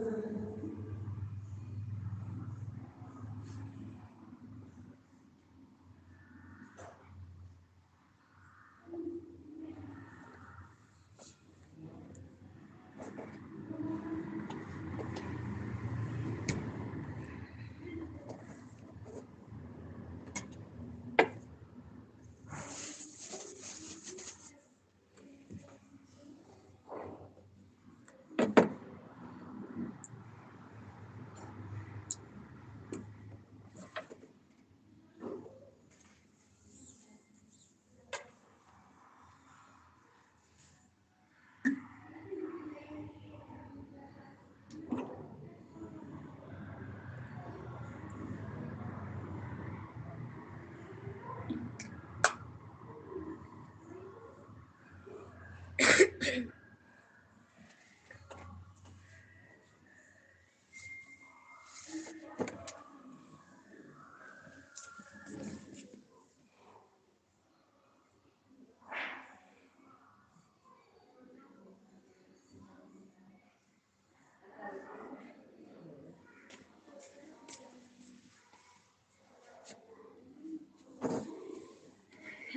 Thank you.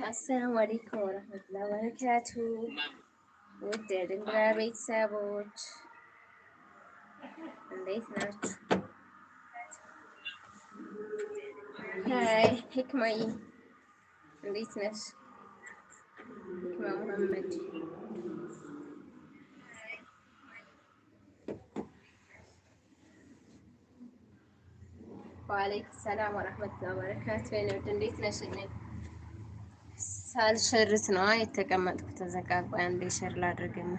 السلام عليكم ورحمة الله وبركاته ውድ የድንግራ ቤተሰቦች እንዴት ናችሁ? ሀይ ህክማዬ እንዴት ነሽ? ህክማ መሐመድ ወአለይኩም ሰላም ወረሕመቱላሂ ወበረካቱህ። ውድ እንዴት ነሽ? ሳልሸርት ነው የተቀመጥኩት። ተዘጋጋ አንዴ ሸር ላድርግና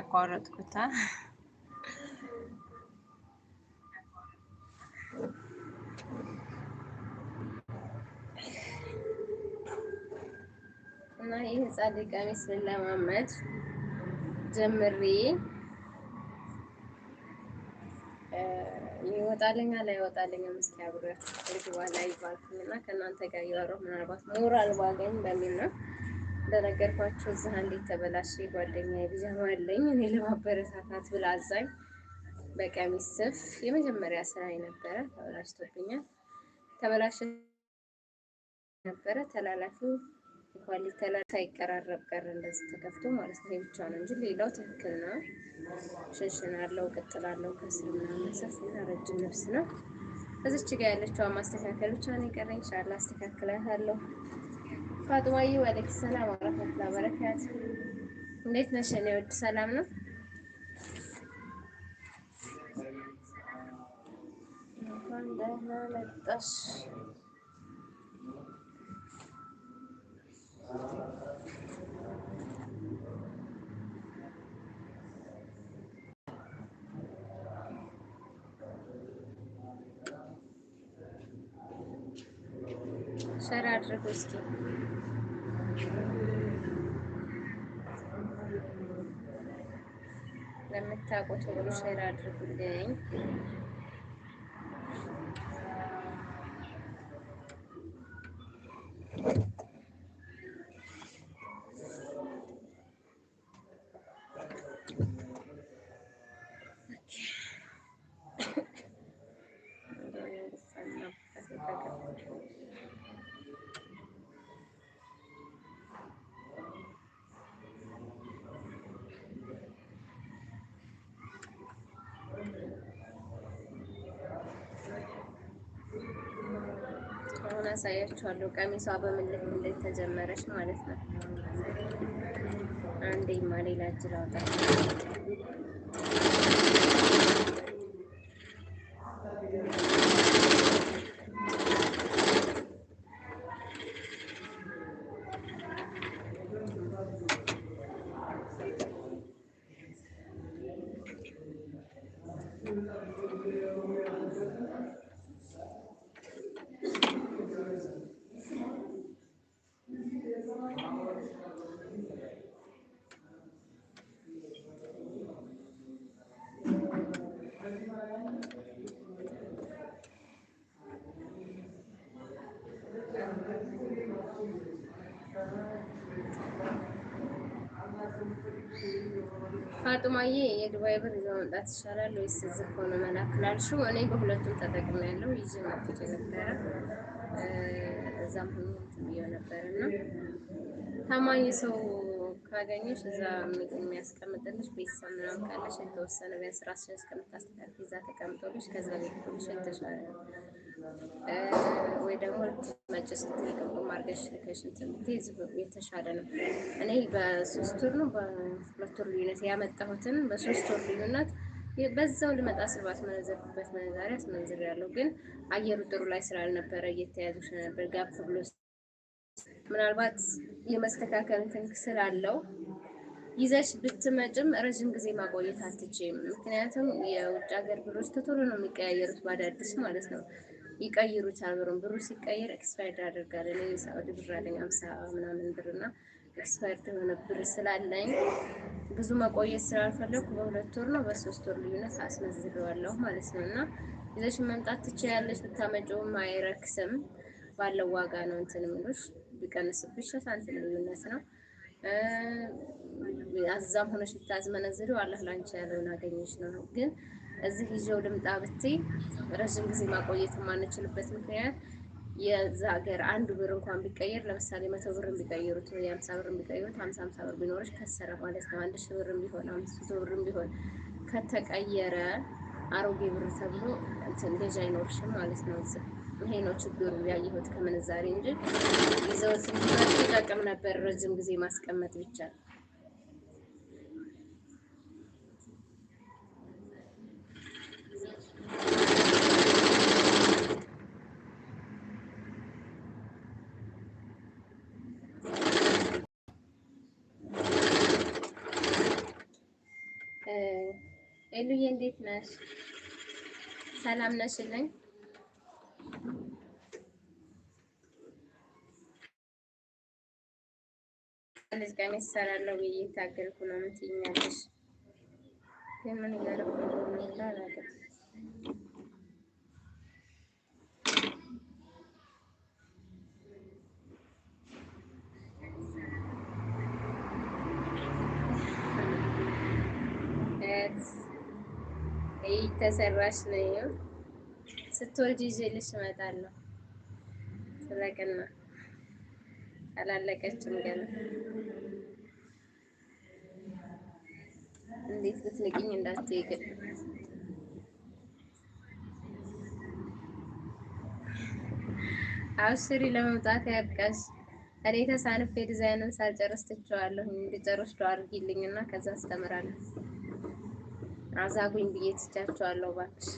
አቋረጥኩታ። እና ይህ ጻድቅ ቀሚስ ለማመድ ጀምሬ ይወጣልኛል አይወጣልኝም እስኪ አብረን እርግባ ላይ ባልኩምና ከእናንተ ጋር እያወራሁ ምናልባት ሞራል ባገኝ በሚል ነው። እንደነገርኳችሁ እዛ እንዴት ተበላሽ ጓደኛ ቢዘማ አለኝ እኔ ለማበረታታት ብላ አዛኝ በቀሚስ ስፍ የመጀመሪያ ስራ ነበረ። ተበላሽቶብኛል። ተበላሽ ነበረ ተላላፊ ኳሊቲ ከለር ሳይቀራረብ ቀረ እንደዚህ ተከፍቶ ማለት ነው። ይሄ ብቻ ነው እንጂ ሌላው ትክክል ነው። ሽንሽን አለው ቅጥል አለው ከስር ምናምን ሰፊና ረጅም ልብስ ነው። እዚች ጋር ያለችው ማስተካከል ብቻ ነው የቀረ። ኢንሻአላህ አስተካክላታለሁ። ፋጥማዬ ወአለይኩም ሰላም ወራህመቱላሂ ወበረካቱ። እንዴት ነሽ? እኔ ወድ ሰላም ነው። እንኳን ደህና መጣሽ። ሸር አድርጉ እስኪ። ለምታውቁት ሁሉ ሸር አድርጉልኝ። አሳያችኋለሁ። ቀሚሷ በምልክ ምልክ ተጀመረች ማለት ነው። አንዴ ማ ሌላ እማዬ የዱባይ ብር ይዞ መምጣት ይሻላል ወይስ እዚህ ከሆነ መላክ ላልሽው፣ እኔ በሁለቱም ያለው ይዤ መጥቼ ነበረ እዛም ሁሉ ብዬ ነበር እና ታማኝ ሰው ካገኘሽ እዛ ምግብ የሚያስቀምጥልሽ ቤተሰብ ምናምን ካለሽ የተወሰነ ቢያንስ ራስሽን እስከምታስተካክል እዛ ተቀምጦልሽ ከዛ ቤት ሸተሻለ ወይ ደግሞ ልትመጭ ስትል ቅምቅም አድርገሽ ልከሽ እንትን ብትይዝ የተሻለ ነው። እኔ በሶስት ወር ነው በሁለት ወር ልዩነት ያመጣሁትን በሶስት ወር ልዩነት በዛው ልመጣ ስል ባስመነዘርኩበት መነዛሪያ አስመንዝሬያለሁ። ግን አየሩ ጥሩ ላይ ስላልነበረ እየተያዙ ስለነበር ጋፕ ብሎ ምናልባት የመስተካከል እንትን ስላለው ይዘሽ ብትመጭም ረዥም ጊዜ ማቆየት አትችም። ምክንያቱም የውጭ ሀገር ብሮች ተቶሎ ነው የሚቀያየሩት በአዳዲስ ማለት ነው። ይቀይሩታል። ብሩን ብሩ ሲቀየር ኤክስፓየርድ አደርጋለ እኔ የሳዑዲ ብር አለኝ አምሳ ምናምን ብርና ኤክስፓየርድ የሆነ ብር ስላለኝ ብዙ መቆየት ስላልፈለግኩ በሁለት ወር ነው በሶስት ወር ልዩነት አስመዝግባለሁ ማለት ነው። እና ይዘሽ መምጣት ትችላለች። ብታመጪውም አይረክስም። ባለው ዋጋ ነው እንትን ምሎች ቢቀንስብሽ ሳንቲም ልዩነት ነው። አዛም ሆነሽ ብታዝመነዝሪው አላህ ላንቺ ያለውን አገኘሽ ነው ግን እዚህ ይዤው ልምጣ ብትይ ረዥም ጊዜ ማቆየት የማንችልበት ምክንያት የዛ ሀገር አንድ ብር እንኳን ቢቀየር ለምሳሌ መቶ ብር ቢቀይሩት ወይ የሀምሳ ብር ቢቀይሩት ሀምሳ ሀምሳ ብር ቢኖርሽ ከሰረ ማለት ነው። አንድ ሺ ብር ቢሆን አምስት መቶ ብር ቢሆን ከተቀየረ አሮጌ ብር ተብሎ ገዥ አይኖርሽም ማለት ነው። ይሄ ነው ችግሩ ያየሁት ከምንዛሬ እንጂ ይዘውት ጠቅም ነበር ረዥም ጊዜ ማስቀመጥ ብቻ ሄሉዬ እንዴት ነሽ? ሰላም ነሽልኝ? ልጅ ቀሚስ እሰራለሁ ብዬ የታገልኩ ነው። ምን ትይኛለሽ? ግን ምን ነው? ተሰራሽ ነው ስትወልጂ ይዤልሽ እመጣለሁ። ትረቅና አላለቀችም ገና። እንዴት ልትንቅኝ እንዳትይ ግን አብስሪ ለመምጣት ያብቃሽ። እኔ ተሳንፌ ዲዛይንን ሳልጨርስ ትቼዋለሁ። እንዲጨርስ ዶ ከዛ አስተምራለሁ። አዛጉኝ ብዬ ትቻቸዋለሁ። እባክሽ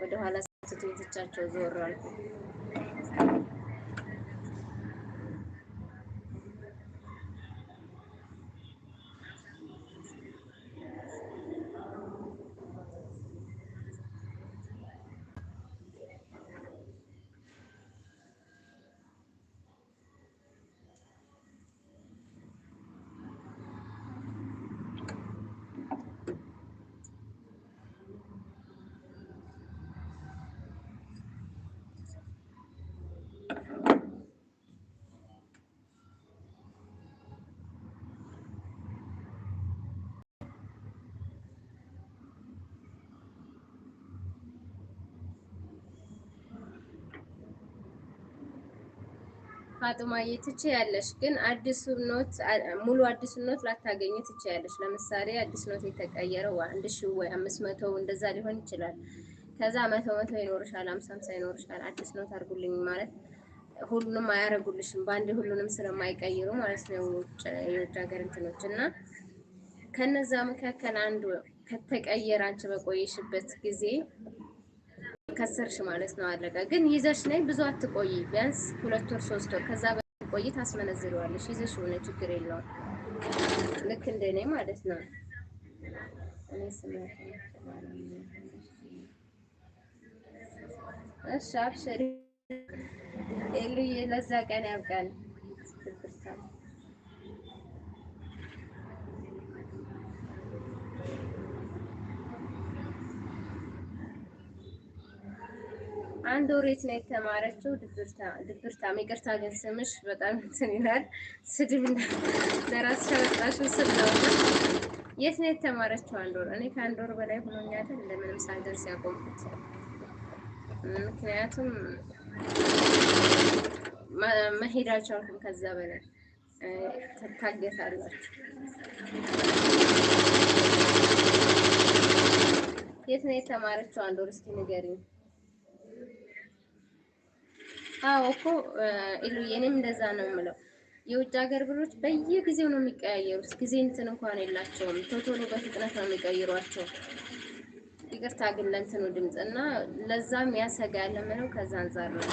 ወደኋላ ስትይ ትቻቸው ዞር አልኩ። ፋጡማዬ ትችያለሽ፣ ግን አዲሱ ኖት ሙሉ አዲሱ ኖት ላታገኙ ትችያለሽ። ለምሳሌ አዲስ ኖት የተቀየረው አንድ ሺ ወይ አምስት መቶ እንደዛ ሊሆን ይችላል። ከዛ መቶ መቶ ይኖርሻል፣ አምሳ አምሳ ይኖርሻል። አዲስ ኖት አድርጉልኝ ማለት ሁሉንም አያረጉልሽም በአንድ ሁሉንም ስለማይቀይሩ ማለት ነው። ውጭ የውጭ ሀገር እንትኖች እና ከነዛ መካከል አንዱ ከተቀየረ አንቺ በቆየሽበት ጊዜ ከሰርሽ ማለት ነው። አለቀ። ግን ይዘሽ ነይ፣ ብዙ አትቆይ። ቢያንስ ሁለት ወር ሶስት ወር ከዛ በፊት ቆይ፣ ታስመነዝሪዋለሽ። ይዘሽ ሆነ ችግር የለውም። ልክ እንደኔ ማለት ነው። እሺ አብሽሪ፣ ለዛ ቀን ያብቃል። አንድ ወሬት የት ነው የተማረችው? ድብርታም። ይቅርታ ግን ስምሽ በጣም እንትን ይላል። ስድብ ለራስ ከመጣሽው ስም ነው። የት ነው የተማረችው? አንድ ወር እኔ ከአንድ ወር በላይ ሆኖኛል ለምንም ሳልደርስ ያቆምኩት። ምክንያቱም መሄድ አልቻልኩም። ከዛ በላይ ትታገታላችሁ። የት ነው የተማረችው? አንድ ወር እስኪ ንገሪኝ። አዎ እኮ ኢሉዬ እንደዛ ነው የምለው። የውጭ ሀገር ብሮች በየጊዜው ነው የሚቀያየሩት። ጊዜ እንትን እንኳን የላቸውም። ቶቶሎ በፍጥነት ነው የሚቀይሯቸው። ይቅርታ ግን ለእንትኑ ድምፅ እና ለዛም ያሰጋል የምለው ከዛ አንጻር ነው።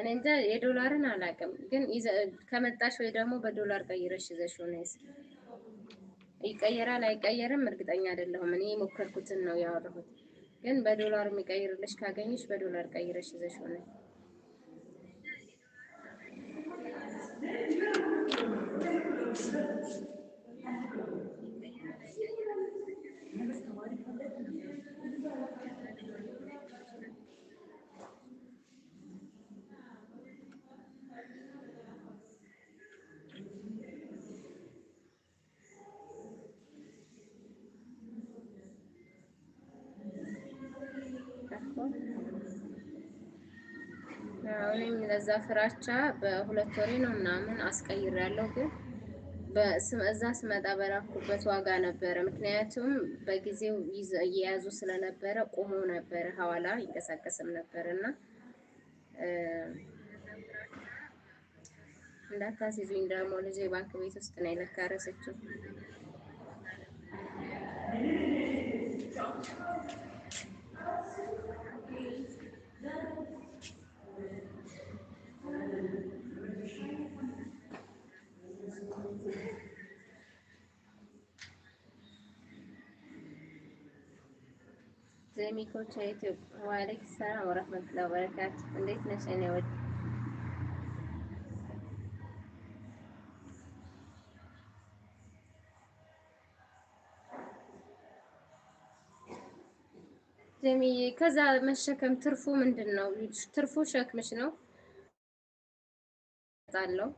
እኔ እንጃ የዶላርን አላውቅም፣ ግን ከመጣሽ ወይ ደግሞ በዶላር ቀይረሽ ይዘሽ ሆነስ ይቀየራል አይቀየርም እርግጠኛ አይደለሁም። እኔ የሞከርኩትን ነው ያወራሁት። ግን በዶላር የሚቀይርልሽ ካገኘሽ በዶላር ቀይረሽ ይዘሽ ሆነስ እኔም ለዛ ፍራቻ በሁለት ወሬ ነው ምናምን አስቀይሬያለሁ። ግን እዛ ስመጣ በላኩበት ዋጋ ነበረ። ምክንያቱም በጊዜው እየያዙ ስለነበረ ቆሞ ነበረ፣ ሐዋላ ይንቀሳቀስም ነበር እና እንዳታስይዙኝ ደግሞ ልጅ ባንክ ቤት ውስጥ ነው የለካ ሚኮች ዩቲዩብ ዋሌክ ሰላም ወረህመቱላሂ ወበረካቱ። እንዴት ነሽ? እኔ ወድ ጀሚዬ፣ ከዛ መሸከም ትርፉ ምንድን ነው? ትርፉ ሸክምሽ ነው ጣለው።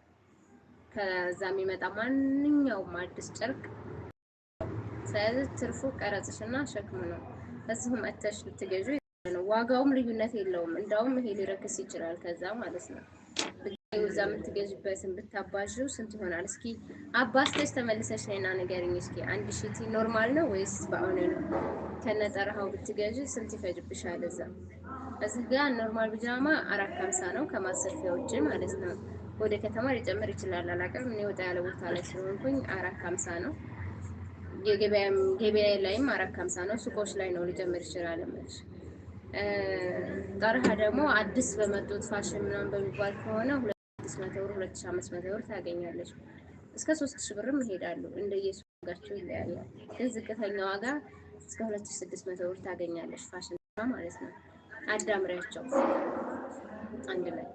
ከዛ የሚመጣ ማንኛውም አዲስ ጨርቅ ስለዚህ ትርፉ ቀረጽሽ ሸክም ነው። እዚሁ መተሽ ብትገዢ ነው። ዋጋውም ልዩነት የለውም። እንዳውም ይሄ ሊረክስ ይችላል ከዛ ማለት ነው። እዛ የምትገዥበትን ብታባዥው ስንት ይሆናል? እስኪ አባስተሽ ተመልሰሽ ነይና ንገሪኝ። እስኪ አንድ ሺቲ ኖርማል ነው ወይስ በአሁኑ ነው? ከነጠራኸው ብትገዥ ስንት ይፈጅብሻል? እዛ እዚህ ጋር ኖርማል ብጃማ አራት ከምሳ ነው ከማሰፊያ ውጭ ማለት ነው። ወደ ከተማ ሊጨምር ይችላል አላውቅም። እኔ ወጣ ያለ ቦታ ላይ ስለሆንኩኝ አራት ከምሳ ነው። ገበያ ላይም አራት ከሀምሳ ነው። ሱቆች ላይ ነው ሊጀምር ይችላል። መች ጠርሃ ደግሞ አዲስ በመጡት ፋሽን ምናምን በሚባል ከሆነ ሁለት መቶ ብር ሁለት አምስት መቶ ብር ታገኛለች። እስከ ሶስት ብርም ይሄዳሉ። እንደ የሱጋቸው ይለያያል። ግን ዝቅተኛ ዋጋ እስከ ሁለት ሺህ ስድስት መቶ ብር ታገኛለች። ፋሽን ማለት ነው። አዳምሪያቸው አንድ ላይ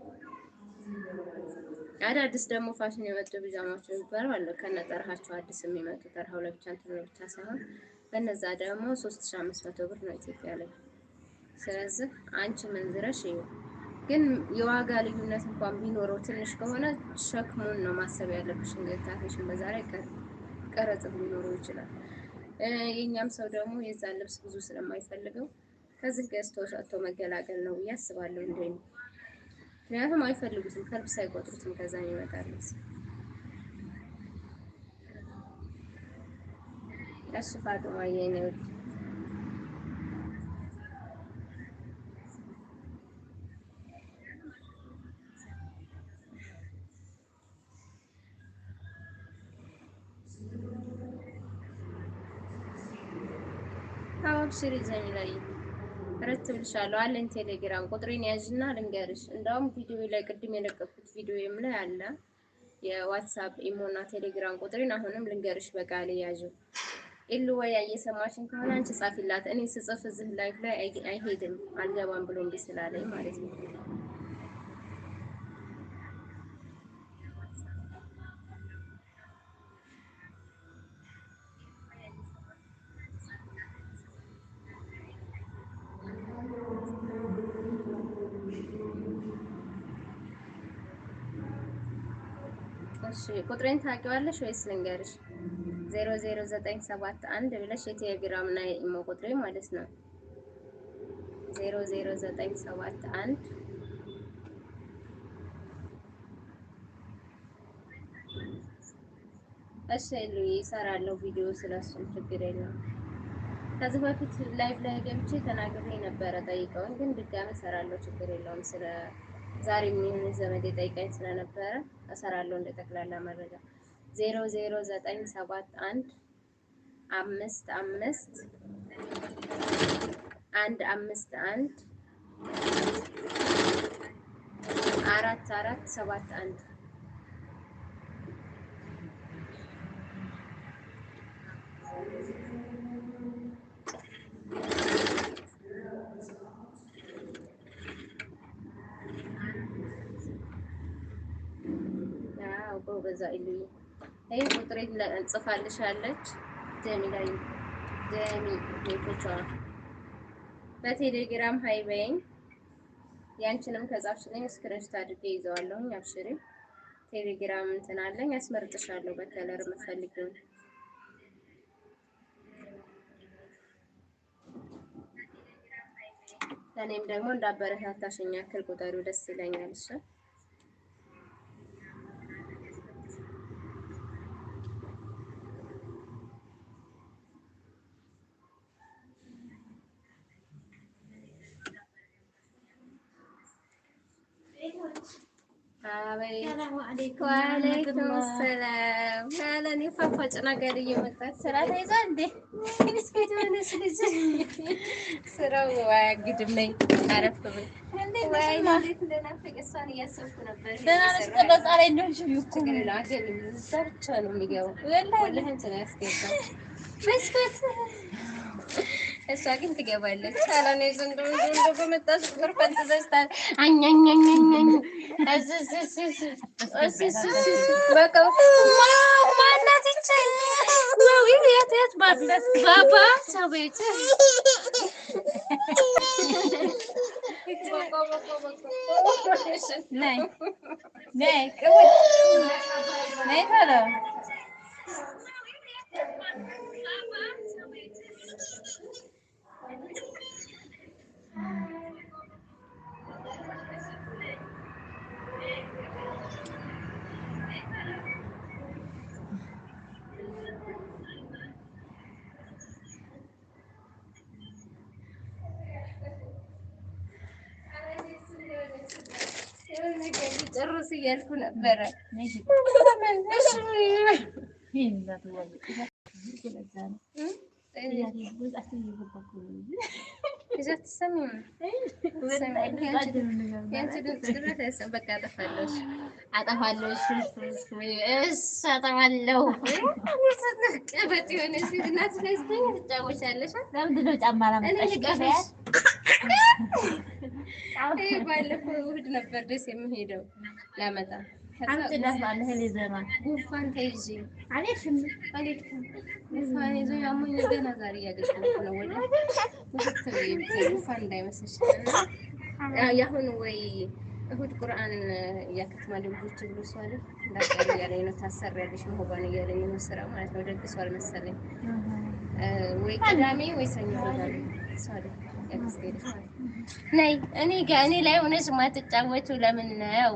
አዳዲስ ደግሞ ፋሽን የመጡ ቢጃማዎች የሚባለው አለ ከነ ጠርሃቸው አዲስ የሚመጡ ጠርሃው ለብቻ እንትን ብቻ ሳይሆን በነዛ ደግሞ ሶስት ሺ አምስት መቶ ብር ነው ኢትዮጵያ ላይ። ስለዚህ አንቺ መንዝረሽ እዩ። ግን የዋጋ ልዩነት እንኳን ቢኖረው ትንሽ ከሆነ ሸክሙን ነው ማሰብ ያለብሽ። እንግታሽን በዛ ላይ ቀረጽ ሊኖረው ይችላል። የእኛም ሰው ደግሞ የዛን ልብስ ብዙ ስለማይፈልገው ከዚህ ገዝቶ ሰጥቶ መገላገል ነው ብዬ አስባለሁ እንደኔ ምክንያቱም አይፈልጉትም፣ ከልብስ አይቆጥሩትም። ከዛን ይመጣሉ። እሱ ፋጡማ የኔ ውድ አዎ፣ አብሽሪ ዘሚላዬ ረት ብልሻለሁ አለኝ ቴሌግራም ቁጥሬን ያዥና ልንገርሽ። እንዳውም ቪዲዮ ላይ ቅድም የለቀኩት ቪዲዮዬም ላይ አለ የዋትሳፕ ኢሞና ቴሌግራም ቁጥሬን አሁንም ልንገርሽ። በቃል ያዥ ኢሉ ወይ እየሰማሽን ከሆነ አንቺ ጻፊላት። እኔ ስጽፍ እዚህ ላይፍ ላይ አይሄድም አልገባም ብሎ እምቢ ስላለኝ ማለት ነው። ቁጥሬን ታውቂዋለሽ ወይስ ልንገርሽ? 00971 ብለሽ የቴሌግራም እና የኢሞ ቁጥሬ ማለት ነው። 00971 እሺ፣ ሉዬ ሰራለው ቪዲዮ ስለሱ ችግር የለውም። ከዚህ በፊት ላይቭ ላይ ገብቼ ተናግሬ ነበረ ጠይቀውን፣ ግን ድጋሚ እሰራለሁ ችግር የለውም። ስለ ዛሬ የሚሆን ዘመዴ የጠይቀኝ ስለነበረ እሰራለሁ። እንደ ጠቅላላ መረጃ ዜሮ ዜሮ ዘጠኝ ሰባት አንድ አምስት አምስት አንድ አምስት አንድ አራት አራት ሰባት አንድ በዛ ይልኝ አይ ቁጥሬ እንጽፋልሻለች። ደሚ ላይ ደሚ ዴቶቿ በቴሌግራም ሀይ በይኝ። ያንቺንም ከጻፍሽልኝ ስክሪንሾት አድርጌ ይዘዋለሁ። አብሽሪ ቴሌግራም እንትን አለኝ ያስመርጥሻለሁ። በከለር የምትፈልጊውን እኔም ደግሞ እንዳበረታታሽኝ ያክል ቁጥሩ ደስ ይለኛል። እሺ ዋለይኩም ሰላም። ያለን የፋፋጭ ነገር እየመጣች ስራ ተይዛ እንዴ ስራው አያግድም። ነኝ አረፍ ብለህ እሷን እሷ ግን ትገባለች። ሳላኔ ዘንድሮ ዘንድሮ በመጣች ቁጥር ፈንትዘስታል። አኛኛኛኛኝ በቃ ማናት ይቻል ያት ያት ባለት ባባ ሰው ቤት ነይ ነይ ቅቡ ነይ ታዲያ ጨርስ እያልኩ ነበረ። ጫማ ባለፈው እሑድ ነበር ደስ የምሄደው ላመጣ ጉንፋን ወይ እሑድ ቁርአን እያከተማል ልጆች ብሎ እሱ አለ እንዳትቀሪ እያለኝ ነው። ታሰሪያለሽ መሆባን እያለኝ ነው። ስራ ማለት ነው። ደግሷል መሰለኝ ወይ ቅዳሜ ወይ ሰኞ እሄዳለሁ እሱ እኔ ላይ ሆነሽ ማትጫወቹ ለምን ነው?